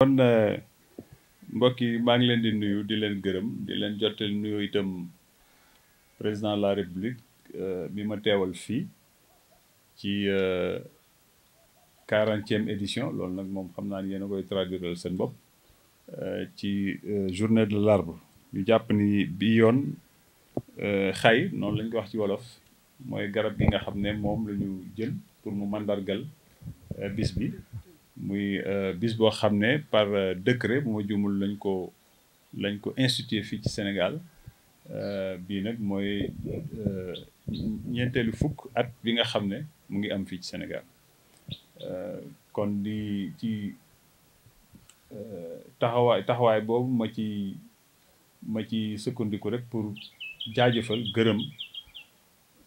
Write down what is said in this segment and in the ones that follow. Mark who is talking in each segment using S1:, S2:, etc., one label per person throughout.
S1: kon eh, mbokk yi maa ngi leen di nuyu di leen gërëm di leen jottali nuyu itam président de la république eh, bi ma teewal fii ci eh, quarantième édition loolu nag moom xam naa ni yéen a koy traduiral seen bopp ci journée de l'arbre ñu jàpp ni bi yoon xay noonu lañ ko wax ci wolof mooy garab gi nga xam ne moom la ñu jël pour mu màndargal bis bi muy euh, bis boo xam ne par euh, décret bu ma jumul lañ ko lañ ko institué fii ci Sénégal euh, bii nag mooy ñeenteelu fukk at bi nga xam ne mu ngi am fii ci Sénégal kon di ci taxawaay taxawaay boobu ma ci ma ci sukkandiku rek pour jaajëfal gërëm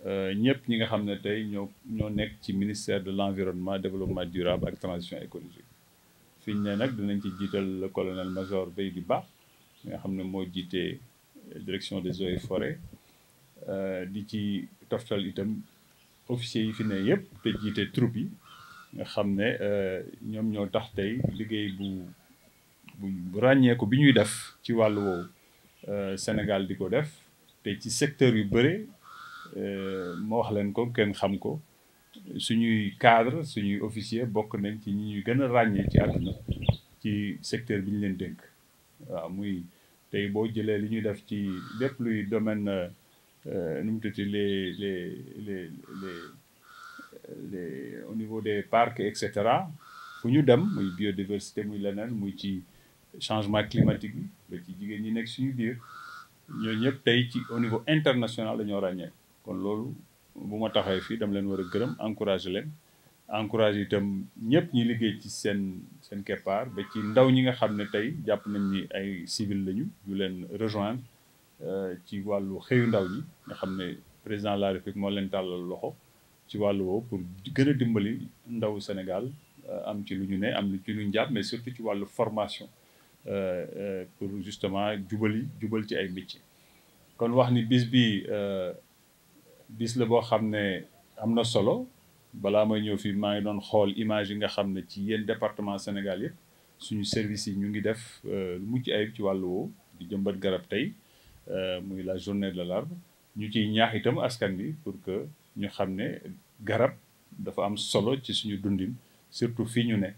S1: Nous euh, ñi nga ministère de l'environnement développement durable et transition écologique Nous le colonel major nga euh, direction des eaux et forêts euh, di officiers yi fi troupe yi nga ñoo tax Sénégal di ko def secteur yu euh, ma wax leen ko kenn xam ko suñuy cadre suñuy officier bokk nañ ci ñi ñuy gën a ràññee ci àdduna ci secteur bi ñu leen dénk waaw muy tey boo jëlee li ñuy def ci lépp luy domaine euh, nu mu tuddati les les les les les au niveau des parcs et cetera fu ñu dem muy biodiversité muy leneen muy ci changement climatique bi ba ci jigéen ñi nekk suñu biir ñooñu ñëpp tey ci au niveau international la ñoo ràññee. kon loolu bu ma taxawee fii dama leen war a gërëm encouragé leen encouragé itam ñëpp ñi liggéey ci seen seen keppaar ba ci ndaw ñi nga xam ne tey jàpp nañ ni ay civil lañu ñu leen rejoindre euh, ci wàllu xëyu ndaw ñi nga xam ne président la république moo leen tàllal loxo ci wàllu woowu pour gën a dimbali ndaw Sénégal euh, am ci lu ñu ne am ci lu ñu jàpp mais surtout ci wàllu formation euh, pour justement jubali jubal ci ay métier kon wax ni bis bi bis la boo xam ne am na solo balaa may ñëw fi maa ngi doon xool image yi nga xam ne ci yenn département Sénégal yëpp suñu service yi ñu ngi def euh, lu mucc ayib ci wàllu woowu di jëmbat garab tey euh, muy la journée de l'arbre ñu ciy ñaax itam askan bi pour que ñu xam ne garab dafa am solo ci suñu dundin surtout fii ñu ne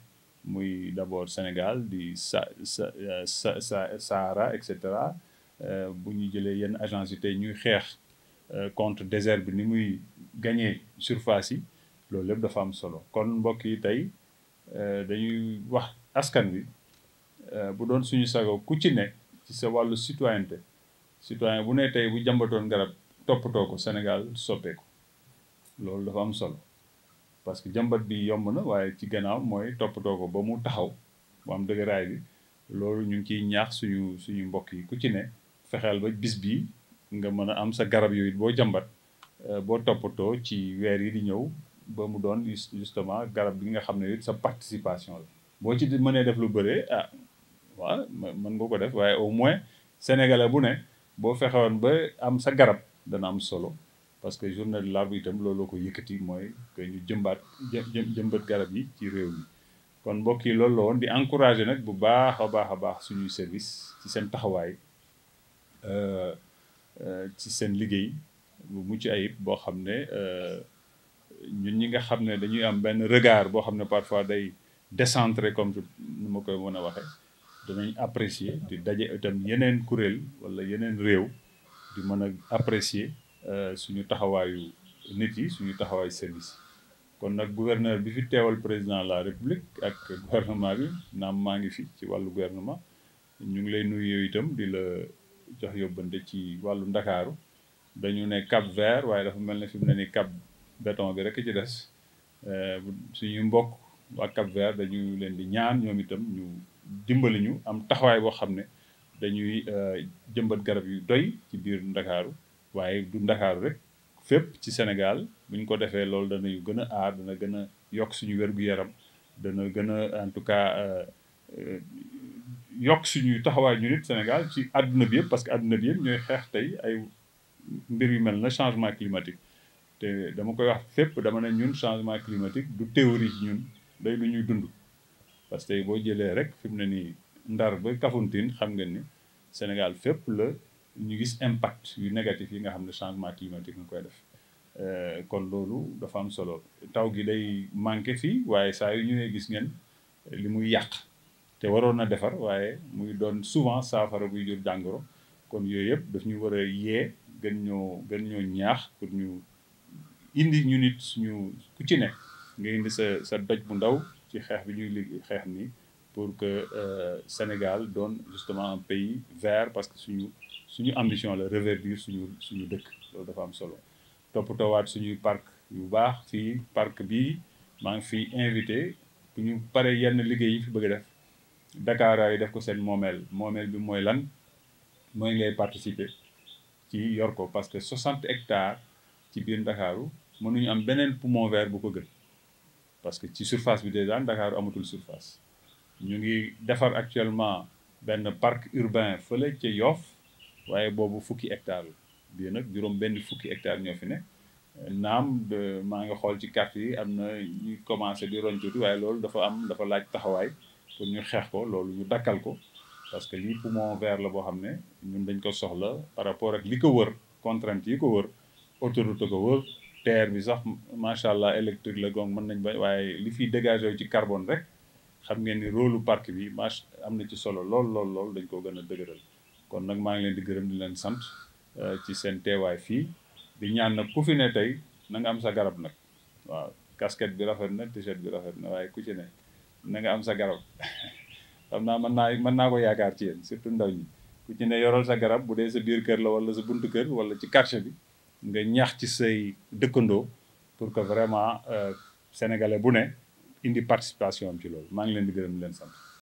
S1: muy d'abord Sénégal di sa sa euh, sa Sahara et cetera bu ñu jëlee yenn agences yi tey ñuy xeex Euh, contre désert bi ni muy gagné surface yi loolu lépp dafa am solo kon mbokk yi tey euh, dañuy wax askan wi euh, bu doon suñu sago ku ci ne ci sa wàllu citoyenneté citoyen bu ne tey bu jàmbatoon garab toppatoo ko Sénégal soppeeku loolu dafa am solo parce que jàmbat bi yomb na waaye ci gannaaw mooy toppatoo ko ba mu taxaw mu am dëgëraay bi loolu ñu ngi ciy ñaax suñu suñu mbokk yi ku ci ne fexeel ba bis bii nga mën a am sa garab yooyu boo jàmbat euh, boo toppatoo ci weer yi di ñëw ba mu doon justement garab bi nga xam ne it sa participation la boo ci mënee def lu bëree ah waaw mën nga ko def waaye au moins sénégalais bu ne boo fexewoon ba am sa garab dana am solo parce que journée de l'arbre itam looloo ko yëkkati mooy que ñu jëmbaat jëmbat garab yi ci réew mi kon mbokk yi loolu la woon di encourager nag bu baax a baax a baax suñuy service ci seen taxawaay euh, Euh, ci seen liggéey bu mucc ayib boo xam ne euh, ñun ñi nga xam ne dañuy am benn regard boo xam ne parfois day décentré comme nu ma koy mën a waxee danañ apprécier di daje itam yeneen kuréel wala yeneen réew di mën a apprécier euh, suñu taxawaayu nit yi suñu taxawaayu service kon nag gouverneur bi fi teewal président la république ak gouvernement bi naam maa ngi fi ci wàllu gouvernement ñu ngi lay nuyu yow itam di la jox yóbbante ci wàllu ndakaaru dañu ne Cap Vert waaye dafa mel ne fi mu ne ni Cap Béton bi rek ci des euh, suñu mbokk waa Cap Vert dañu leen di ñaan ñoom itam ñu dimbali ñu am taxawaay boo xam ne dañuy euh, jëmbat garab yu doy ci biir ndakaaru waaye du ndakaaru rek fépp ci Sénégal buñ ko defee loolu danañu gën a aar dana gën a yokk suñu wér-gu-yaram dana gën a en tout cas euh, yokk suñuy taxawaay ñu nit Sénégal ci àdduna bi yëpp parce que àdduna bi yëpp ñooy xeex tey ay mbir yu mel na changement climatique te dama koy wax fépp dama ne ñun changement climatique du théorie ci ñun day lu ñuy dund parce que boo jëlee rek fi mu ne nii ndar ba Kafountine xam nga ni Sénégal fépp la ñu gis impact yu négatif yi nga xam ne changement climatique nga koy def euh, kon loolu dafa am solo taw gi day manqué fii waaye saa yu ñëwee gis ngeen li muy yàq te waroon na defar waaye muy doon souvent saafara buy jur jàngoro kon yooyu yëpp daf ñu war a yee gën ñoo gën ñoo ñaax pour ñu indi ñu nit suñu ku ci ne nga indi sa sa doj bu ndaw ci xeex bi ñuy liggéey xeex nii pour que euh, Sénégal doon justement un pays vert parce que suñu suñu ambition la reverdir suñu suñu dëkk loolu dafa am solo toppatoowaat suñu parc yu baax fii parc bi maa ngi fi invité bu ñu paree yenn liggéey yi fi bëgg a def Dakaraa yi def ko seen moomeel moomeel bi mooy lan mooy ngay participer ci yor ko parce que 60 hectares ci biir Ndakaaru mënuñu am beneen poumon vert bu ko gën parce que ci surface bi déjà Ndakaaru amatul surface ñu ngi defar actuellement benn parc urbain fële ca Yoff waaye boobu fukki hectare la bii nag juróom benn fukki hectare ñoo fi ne naam maa ngi xool ci carte yi am na ñuy commencé di roñ tuuti waaye loolu dafa am dafa laaj taxawaay pour ñu xeex ko loolu ñu dakkal ko parce que lii poumon vert la boo xam ne ñun dañ ko soxla par rapport ak li ko wër contrainte yi ko wër autoroute ko wër terre bi sax macha allah électrique la gong mën nañ ba waaye li fi dégagé ci carbon rek xam ngeen ni rôle parc bi mach am na ci solo lool lool lool dañ ko gën a dëgëral kon nag maa ngi leen di gërëm di leen sant euh, ci seen teewaay fii di ñaan nag ku fi ne tey na nga am sa garab nag waaw casquette bi rafet na t-shirt bi na nga am sa garab xam naa mën naa mën naa ko yaakaar ci yéen surtout ndaw ñi ku ci ne yoral sa garab bu dee sa biir kër la wala sa buntu kër wala ci quartier bi nga ñax ci say dëkkandoo pour que vraiment euh, sénégalais bu ne indi participation am ci loolu maa ngi leen di mu leen sant.